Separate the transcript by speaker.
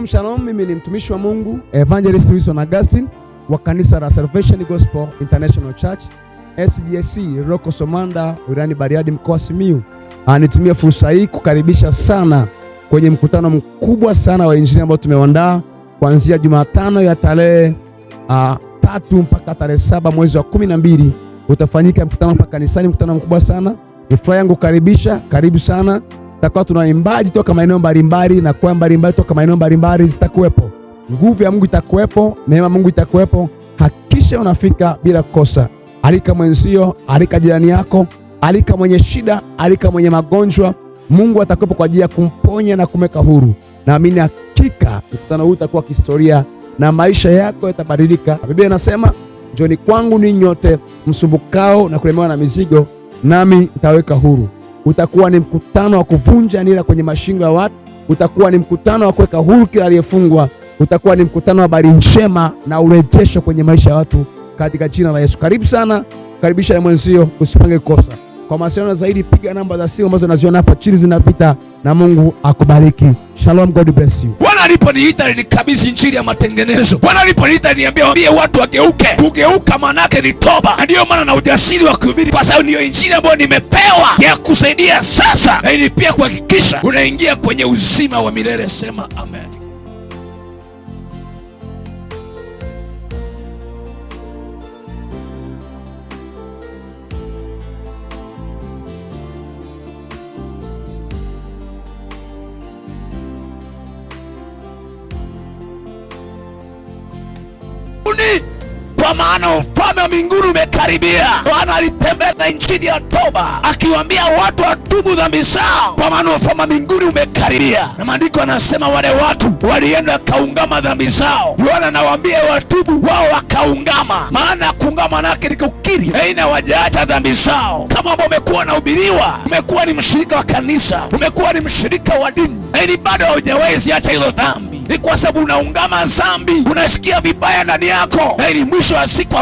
Speaker 1: Shalom, shalom, mimi ni mtumishi wa Mungu Evangelist Wilson Augustine wa kanisa la Salvation Gospel International Church SGC Roko Somanda wilayani Bariadi mkoa simiu Simiyu. Ah, fursa hii kukaribisha sana kwenye mkutano mkubwa sana wa injili ambao tumeandaa kuanzia Jumatano ya tarehe uh, tatu mpaka tarehe saba mwezi wa kumi na mbili utafanyika mkutano hapa kanisani, mkutano mkubwa sana. Ni furaha yangu kukaribisha, karibu sana takuwa tuna waimbaji toka maeneo mbalimbali na kwaya mbalimbali toka maeneo mbalimbali zitakuwepo. Nguvu ya Mungu itakuwepo, neema ya Mungu itakuwepo. Hakikisha unafika bila kosa. Alika mwenzio, alika jirani yako, alika mwenye shida, alika mwenye magonjwa. Mungu atakuwepo kwa ajili ya kumponya na kumweka huru. Naamini hakika mkutano huu utakuwa kihistoria na maisha yako yatabadilika. Biblia inasema njoni kwangu ninyi nyote msumbukao na kulemewa na mizigo, nami nitaweka huru. Utakuwa ni mkutano wa kuvunja nira kwenye mashingo ya watu. Utakuwa ni mkutano wa kuweka huru kila aliyefungwa. Utakuwa ni mkutano wa habari njema na urejesho kwenye maisha ya watu katika jina la Yesu. Karibu sana, karibisha ya mwenzio, usipange kosa. Kwa mawasiliano zaidi, piga namba za simu ambazo unaziona hapa chini zinapita, na Mungu akubariki. Shalom, God bless you.
Speaker 2: Bwana aliponiita nilikabidhi injili ya matengenezo. Bwana aliponiita aliniambia waambie watu wageuke. Kugeuka manake ni toba, na ndiyo maana na ujasiri wa kuhubiri, kwa sababu ndiyo injili ambayo nimepewa ya kusaidia sasa, lakini pia kuhakikisha unaingia kwenye uzima wa milele. Sema amen. kwa maana ufalme wa mbinguni umekaribia. Bwana alitembea na injili ya toba akiwaambia watu watubu dhambi zao, kwa maana ufalme wa mbinguni umekaribia. Na maandiko anasema wale watu walienda kaungama dhambi zao. Yohana anawaambia watubu, wao wakaungama. Maana kuungama manake ni kukiri, aina wajaacha dhambi zao. Kama ambao umekuwa unahubiriwa, umekuwa ni mshirika wa kanisa, umekuwa ni mshirika wa dini, lakini bado haujawahi ziacha hizo dhambi ni kwa sababu unaungama zambi unasikia vibaya ndani yako, na ili mwisho wa siku